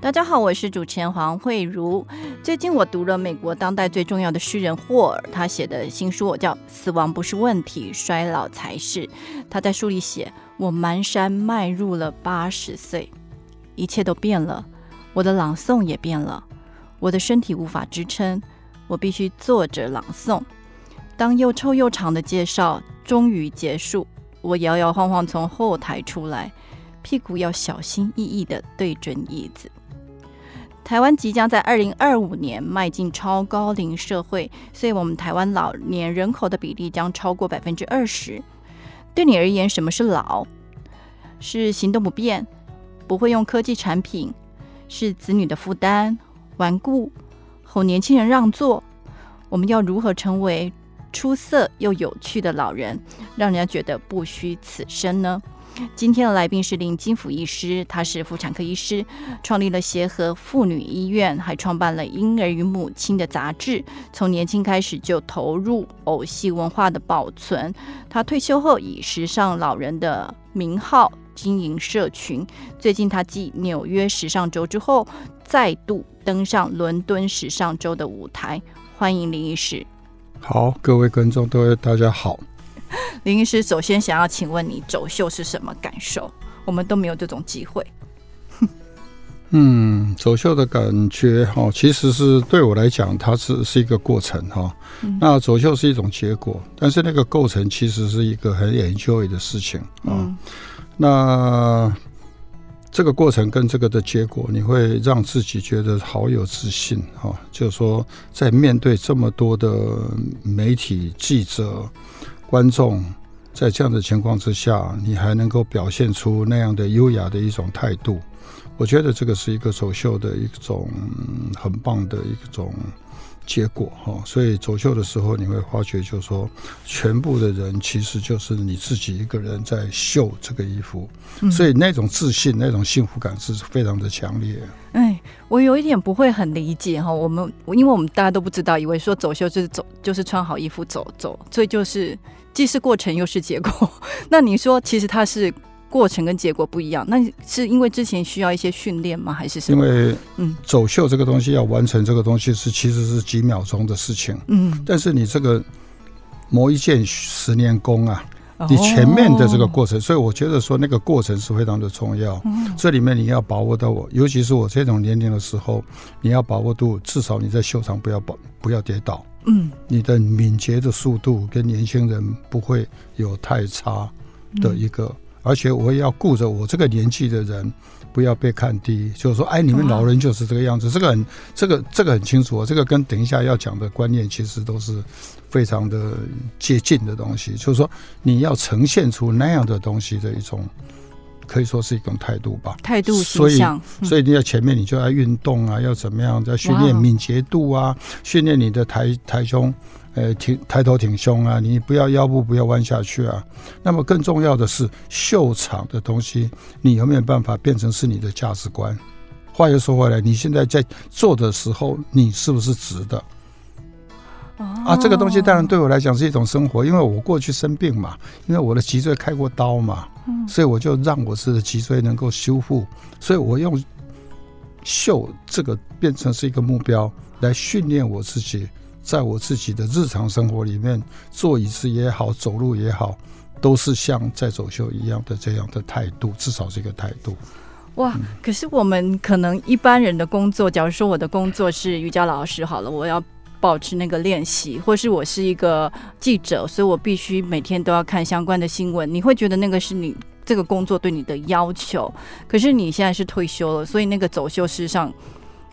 大家好，我是主持人黃惠如。最近我讀了美國當代最重要的詩人霍爾他寫的新書，叫《死亡不是問題，衰老才是》。他在書裡寫：“我蹣跚邁入了八十歲，一切都變了。我的朗誦也變了，我的身體無法支撐，我必須坐着朗誦。當又臭又長的介紹終於結束，我搖搖晃晃從後台出來，屁股要小心翼翼地對準椅子。”台灣即將在二零二五年邁進超高齡社會，所以我們台灣老年人口的比例將超過百分之二十。對你而言，什麼是老？是行動不便，不會用科技產品，是子女的負擔，頑固，哄年輕人讓座？我們要如何成為出色又有趣的老人，讓人家覺得不虛此生呢？今天的來賓是林經甫醫師，他是婦產科醫師，創立了協和婦女醫院，還創辦了《嬰兒與母親》的雜誌。從年輕開始就投入偶戲文化的保存。他退休後以時尚老人的名號經營社群。最近他繼紐約時尚週之後，再度登上倫敦時尚週的舞台。歡迎林醫師。好，各位觀眾，都大家好。林醫師首先想要請問你，走秀是什麼感受？我們都沒有這種機會。嗯，走秀的感覺哈，其實是對我來講，它是是一個過程哈。嗯，那走秀是一種結果，但是那個過程其實是一個很 enjoy 的事情啊。嗯，那這個過程跟這個的結果，你會讓自己覺得好有自信哈。就是說，在面對這麼多的媒體、記者。觀眾在這樣的情況之下，你還能夠表現出那樣的優雅的一種態度，我覺得這個是一個走秀的一種很棒的一種。結果哈，所以走秀的時候，你會發覺，就是說，全部的人其實就是你自己一個人在秀這個衣服，所以那種自信、那種幸福感是非常的強烈。哎、嗯，我有一點不會很理解哈，我們因為我們大家都不知道，以為說走秀就是走，就是穿好衣服走走，所以就是既是過程又是結果。那你說，其實它是？過程跟結果不一樣，那是因為之前需要一些訓練嗎？還是什麼？因為嗯，走秀這個東西、嗯、要完成這個東西是其實是幾秒鐘的事情，嗯，但是你這個磨一件十年功啊，哦、你前面的這個過程，所以我覺得說那個過程是非常的重要。哦、這裡面你要把握到我，尤其是我這種年齡的時候，你要把握度，至少你在秀場不要把，不要跌倒，嗯，你的敏捷的速度跟年輕人不會有太差的一個。而且我也要顧着我這個年紀的人，不要被看低，就是說，哎，你們老人就是這個樣子。這個很，這個這個很清楚。這個跟等一下要講的觀念其實都是非常的接近的東西。就是說，你要呈現出那樣的東西的一種，可以說是一種態度吧。態度，所以所以你在前面你就要運動啊，要怎麼樣？在訓練敏捷度啊，訓練你的抬抬胸。呃、欸，挺抬頭挺胸啊，你不要腰部不要彎下去啊。那麼更重要的是，秀場的東西，你有沒有辦法變成是你的價值觀？話又說回來，你現在在做的時候，你是不是直的？Oh. 啊，這個東西當然對我來講是一種生活，因為我過去生病嘛，因為我的脊椎開過刀嘛，所以我就讓我的脊椎能夠修復，所以我用秀這個變成是一個目標來訓練我自己。在我自己的日常生活裡面，坐椅子也好，走路也好，都是像在走秀一樣的這樣的態度，至少是一個態度。哇！嗯，可是我們可能一般人的工作，假如說我的工作是瑜伽老師好了，我要保持那個練習，或是我是一個記者，所以我必須每天都要看相關的新聞。你會覺得那個是你這個工作對你的要求？可是你現在是退休了，所以那個走秀，事實上，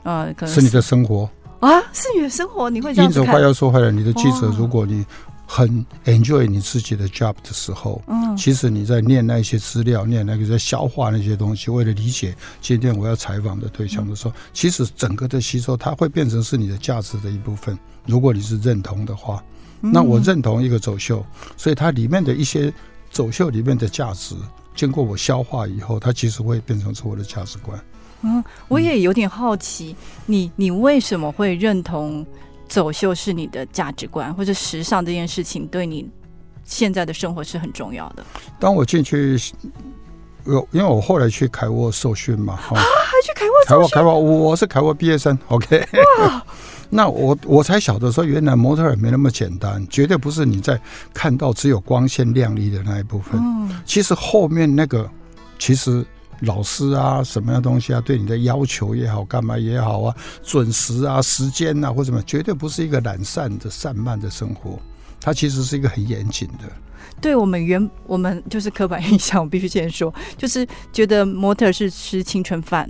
呃，可能是，是你的生活？啊，是你的生活，你會這樣看？因此話要說回來，你的記者，如果你很 enjoy 你自己的 job 的時候，嗯，其實你在念那些資料，念那個在消化那些東西，為了理解今天我要採訪的對象的時候，嗯、其實整個的吸收，它會變成是你的價值的一部分。如果你是認同的話，嗯、那我認同一個走秀，所以它裡面的一些走秀裡面的價值，經過我消化以後，它其實會變成是我的價值觀。嗯，我也有點好奇，你你為什麼會認同走秀是你的價值觀，或者時尚這件事情對你現在的生活是很重要的？當我進去，有因為我後來去凱沃受訓嘛，啊，還去凱沃，沃，凱沃，凱沃，我是凱沃畢業生。OK，哇， 那我我才曉得說，原來模特也沒那麼簡單，絕對不是你在看到只有光鮮亮麗的那一部分，嗯，其實後面那個其實。老師啊，什麼樣的東西啊？對你的要求也好，幹嘛也好啊？準時啊，時間啊，或什麼，絕對不是一個懶散的、散漫的生活。它其實是一個很嚴謹的。對我們原，我們就是刻板印象，我必須先說，就是覺得模特是吃青春飯，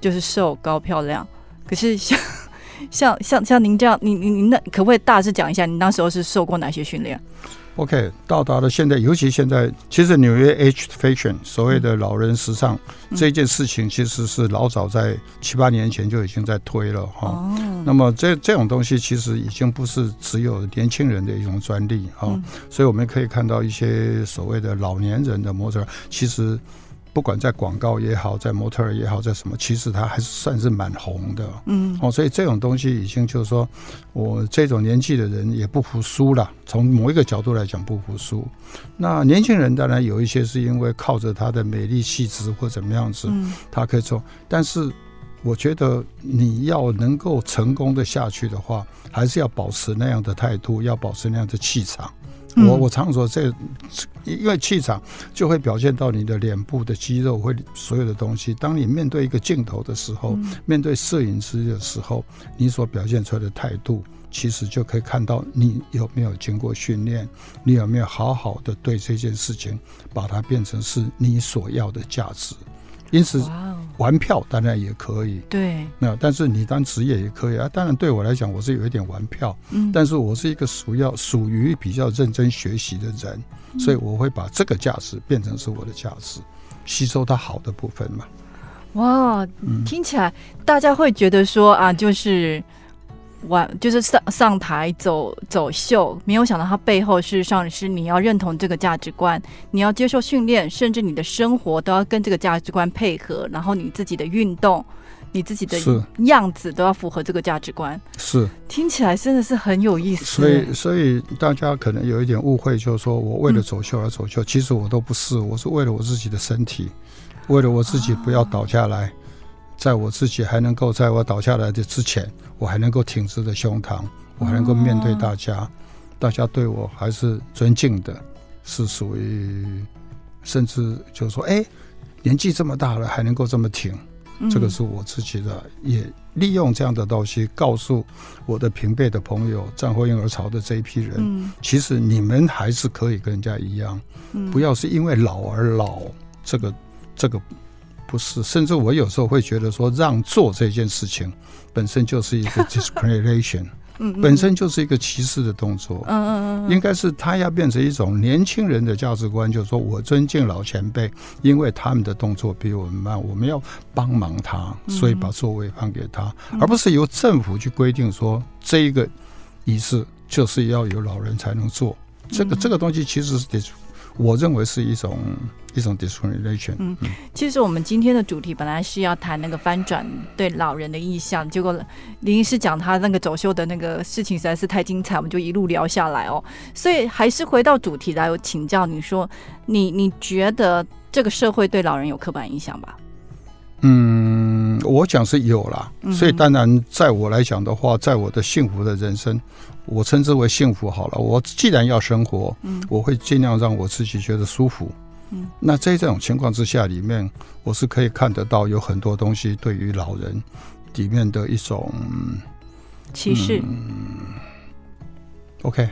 就是瘦高漂亮。可是像像像像您這樣，您您您那可不可以大致講一下，您當時候是受過哪些訓練？OK，到達了現在，尤其現在，其實紐約 aged fashion 所謂的老人時尚、嗯、這件事情，其實是老早在七八年前就已經在推了哈、哦哦。那麼這這種東西其實已經不是只有年輕人的一種專利啊，哦嗯、所以我們可以看到一些所謂的老年人的模特，其實。不管在廣告也好，在模特兒也好，在什麼，其實它還是算是蠻紅的，哦，嗯，哦，所以這種東西已經就是說我這種年紀的人也不服輸啦。從某一個角度來講不服輸，那年輕人當然有一些是因為靠着他的美麗氣質或怎麼樣子，他可以做。但是我覺得你要能夠成功的下去的話，還是要保持那樣的態度，要保持那樣的氣場。我我常說這，因為氣場就會表現到你的臉部的肌肉，會所有的東西。當你面對一個鏡頭的時候，面對攝影師的時候，你所表現出來的態度，其實就可以看到你有沒有經過訓練，你有沒有好好的對這件事情，把它變成是你所要的價值。因此。Wow. 玩票當然也可以，對，那但是你當職業也可以啊。當然對我來講，我是有一點玩票，嗯，但是我是一個屬要屬於比較認真學習的人，嗯、所以我會把這個價值變成是我的價值，吸收它好的部分嘛。哇，嗯、聽起來大家會覺得說啊，就是。玩就是上上台走走秀，沒有想到他背後事實上，是你要認同這個價值觀，你要接受訓練。甚至你的生活都要跟這個價值觀配合，然後你自己的運動，你自己的樣子都要符合這個價值觀。是聽起來真的是很有意思。所以所以大家可能有一點誤會，就是說我為了走秀而走秀，嗯、其實我都不是，我是為了我自己的身體，為了我自己不要倒下來。啊在我自己還能夠在我倒下來的之前，我還能夠挺直的胸膛，我還能夠面對大家，啊、大家對我還是尊敬的，是屬於甚至就是說，哎、欸，年紀這麼大了還能夠這麼挺，這個是我自己的，嗯、也利用這樣的東西告訴我的平輩的朋友，戰後嬰兒潮的這一批人，嗯、其實你們還是可以跟人家一樣，不要是因為老而老，這個這個。不是，甚至我有時候會覺得說，讓座這件事情本身就是一個 discrimination， 嗯嗯、本身就是一個歧視的動作。嗯嗯嗯，應該是他要變成一種年輕人的價值觀，就是說我尊敬老前輩，因為他們的動作比我們慢，我們要幫忙他，所以把座位讓給他，嗯、而不是由政府去規定說這一個儀式就是要有老人才能坐。這個這個東西其實是得。我認為是一種一種 discrimination 嗯，其實我們今天的主題本來是要談那個翻轉對老人的印象，結果林醫師講他那個走秀的那個事情實在是太精彩，我們就一路聊下來哦。所以還是回到主題來，我請教你說，你你覺得這個社會對老人有刻板印象吧？嗯。我講是有啦，所以當然，在我來講的話，在我的幸福的人生，我稱之為幸福好了。我既然要生活，我會盡量讓我自己覺得舒服。嗯、那在這種情況之下裡面，我是可以看得到有很多東西對於老人裡面的一種、嗯、歧視。OK，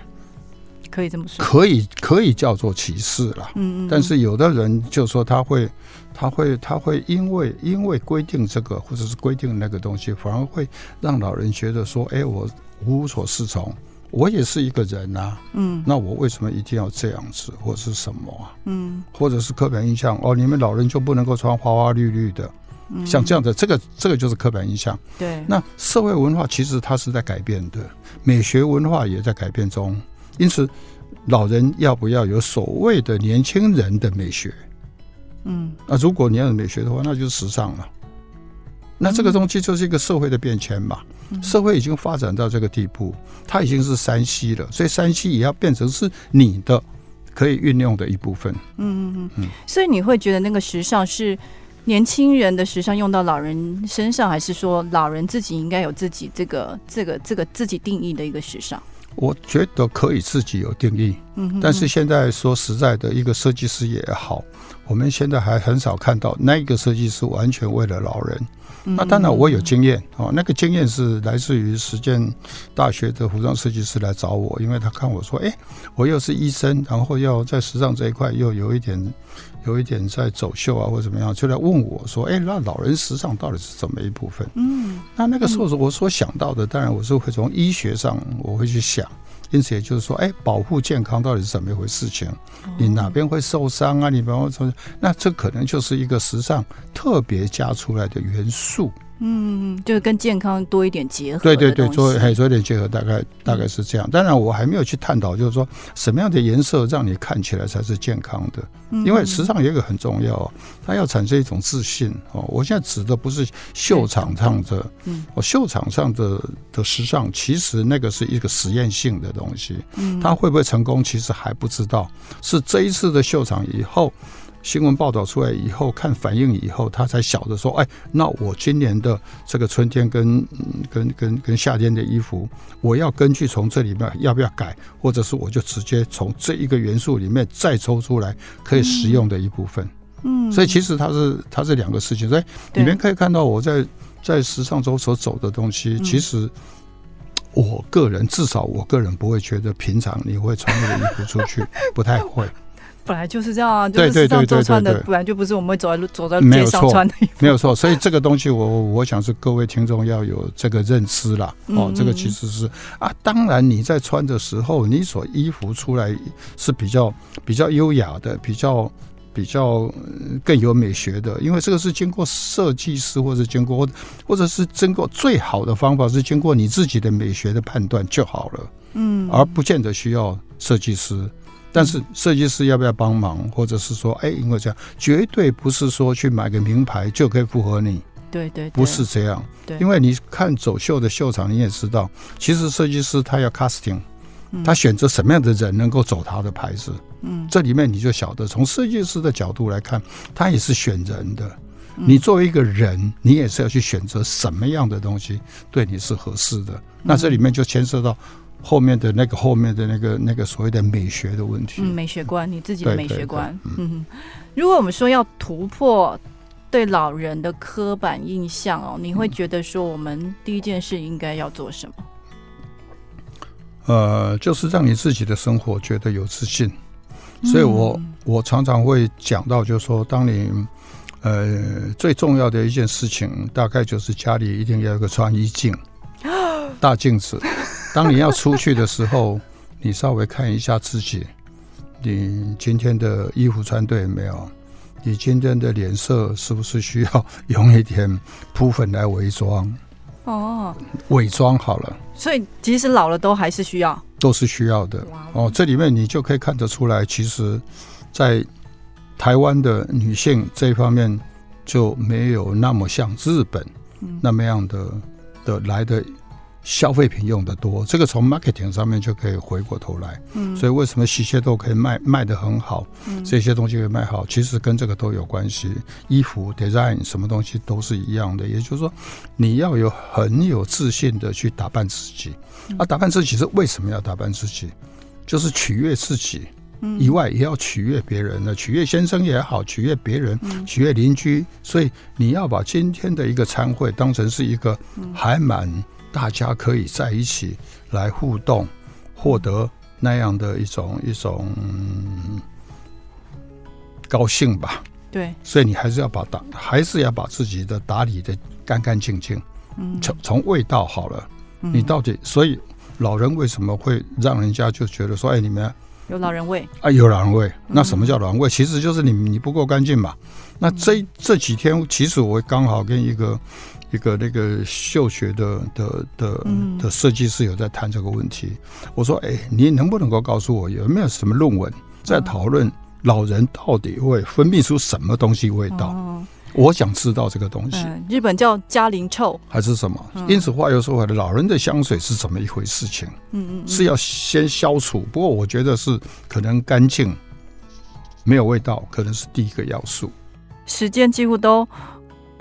可以這麼說，可以可以叫做歧視了。嗯嗯嗯，但是有的人就說他會。他會，他會因為因為規定這個或者是規定那個東西，反而會讓老人覺得說，哎，我無所適從，我也是一個人啊，嗯，那我為什麼一定要這樣子，或者是什麼啊，嗯，或者是刻板印象，哦，你們老人就不能夠穿花花綠綠的，嗯，像這樣的，這個這個就是刻板印象。對，那社會文化其實它是在改變的，美學文化也在改變中，因此，老人要不要有所謂的年輕人的美學？嗯，那、啊、如果你要有美學的話，那就是時尚了。嗯，那這個東西就是一個社會的變遷嘛。嗯，社會已經發展到這個地步，它已經是 3C 了，所以 3C 也要變成是你的可以運用的一部分。嗯嗯嗯。所以你會覺得那個時尚是年輕人的時尚用到老人身上，還是說老人自己應該有自己這個這個這個自己定義的一個時尚？我覺得可以自己有定義。嗯，但是現在說實在的，一個設計師也好。我們現在還很少看到那一個設計師完全為了老人。那當然我有經驗啊、哦，那個經驗是來自於實踐大學的服裝設計師來找我，因為他看我說，哎，我又是醫生，然後要在時尚這一塊又有一點，有一點在走秀啊或者怎麼樣，就來問我說，哎，那老人時尚到底是怎麼一部分？嗯，那那個時候是我所想到的，當然我是會從醫學上我會去想。因此也就是說，哎、欸，保護健康到底是怎麼一回事情？你哪邊會受傷啊？你比方說，那這可能就是一個時尚特別加出來的元素。嗯，就是跟健康多一點結合。對對對，多一點結合，大概大概是這樣。當然，我還沒有去探討，就是說什麼樣的顏色讓你看起來才是健康的。嗯、因為時尚有一個很重要，它要產生一種自信哦。我現在指的不是秀場上的，我、嗯嗯哦、秀場上的的時尚，其實那個是一個實驗性的東西，嗯、它會不會成功，其實還不知道。是這一次的秀場以後。新聞報道出來以後，看反應以後，他才曉得說：“哎、欸，那我今年的這個春天跟、嗯、跟跟跟夏天的衣服，我要根據從這裡面要不要改，或者是我就直接從這一個元素裡面再抽出來可以實用的一部分。嗯”嗯，所以其實它是它是兩個事情，所以裡面可以看到我在對 在時尚周所走的東西，其實我個人至少我個人不會覺得平常你會穿那個衣服出去不太會。 本來就是這樣啊，對對對，對做穿的，不然就不是我們會走在路走在街上穿的衣服沒。沒有錯，所以這個東西我我想是各位聽眾要有這個認知啦。嗯嗯哦。這個其實是啊，當然你在穿的時候，你所衣服出來是比較比較優雅的，比較比較更有美學的，因為這個是經過設計師或者經過或者是經過最好的方法是經過你自己的美學的判斷就好了。嗯，而不見得需要設計師。但是設計師要不要幫忙，或者是說，哎，因為這樣絕對不是說去買個名牌就可以符合你，對對、對，不是這樣，因為你看走秀的秀場，你也知道，其實設計師他要 casting，他選擇什麼樣的人能夠走他的牌子，嗯，這裡面你就曉得，從設計師的角度來看，他也是選人的。你作為一個人，你也是要去選擇什麼樣的東西對你是合適的，那這裡面就牽涉到。後面的那個後面的那個那個所謂的美學的問題，嗯、美學觀，你自己的美學觀。嗯，如果我們說要突破對老人的刻板印象哦，你會覺得說，我們第一件事應該要做什麼？呃，就是讓你自己的生活覺得有自信。所以我、嗯、我常常會講到，就是說，當你呃最重要的一件事情，大概就是家裡一定要有個穿衣鏡，大鏡子。 當你要出去的時候， 你稍微看一下自己，你今天的衣服穿對沒有？你今天的臉色是不是需要用一點撲粉來偽裝？哦，偽裝好了，所以即使老了都還是需要，都是需要的。哦，這裡面你就可以看得出來，其實，在台灣的女性這方面就沒有那麼像日本那麼樣的、嗯、的來的。消費品用得多，這個從 marketing 上面就可以回過頭來。嗯、所以為什麼西切都可以賣賣得很好？嗯、這些東西會賣好，其實跟這個都有關係。衣服 design 什麼東西都是一樣的，也就是說，你要有很有自信的去打扮自己、嗯啊。打扮自己是為什麼要打扮自己？就是取悅自己，嗯、以外也要取悅別人，取悅先生也好，取悅別人，嗯、取悅鄰居。所以你要把今天的一個餐會當成是一個還蠻。大家可以在一起來互動，獲得那樣的一種一種高興吧。對，所以你還是要把打，還是要把自己的打理得乾乾淨淨。嗯，從從味道好了。嗯，你到底所以老人為什麼會讓人家就覺得說，哎，你們有老人味啊？有老人味。嗯，那什麼叫老人味？其實就是你你不夠乾淨嘛。那這這幾天，其實我剛好跟一個。一個那個嗅覺的的的的設計師有在談這個問題，我說：“哎，你能不能夠告訴我有沒有什麼論文在討論老人到底會分泌出什麼東西味道？我想知道這個東西。日本叫加齡臭還是什麼？因此話又說回來，老人的香水是怎麼一回事情？嗯嗯，是要先消除。不過我覺得是可能乾淨沒有味道，可能是第一個要素。時間幾乎都。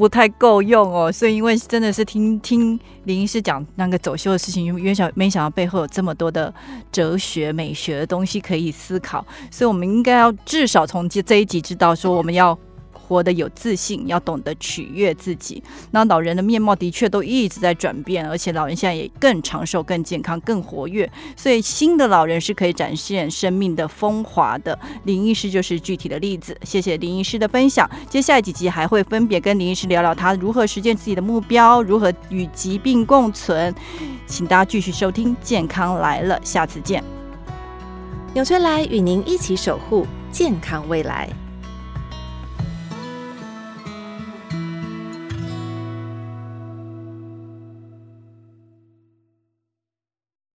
不太夠用哦，所以因為真的是聽聽林醫師講那個走秀的事情，因為沒想到背後有這麼多的哲學美學的東西可以思考，所以我們應該要至少從這這一集知道說我們要。活得有自信，要懂得取悅自己。那老人的面貌的確都一直在轉變，而且老人現在也更長壽、更健康、更活躍。所以新的老人是可以展現生命的風華的。林醫師就是具體的例子。謝謝林醫師的分享。接下來幾集還會分別跟林醫師聊聊他如何實現自己的目標，如何與疾病共存。請大家繼續收聽《健康來了》，下次見。紐崔萊與您一起守護健康未來。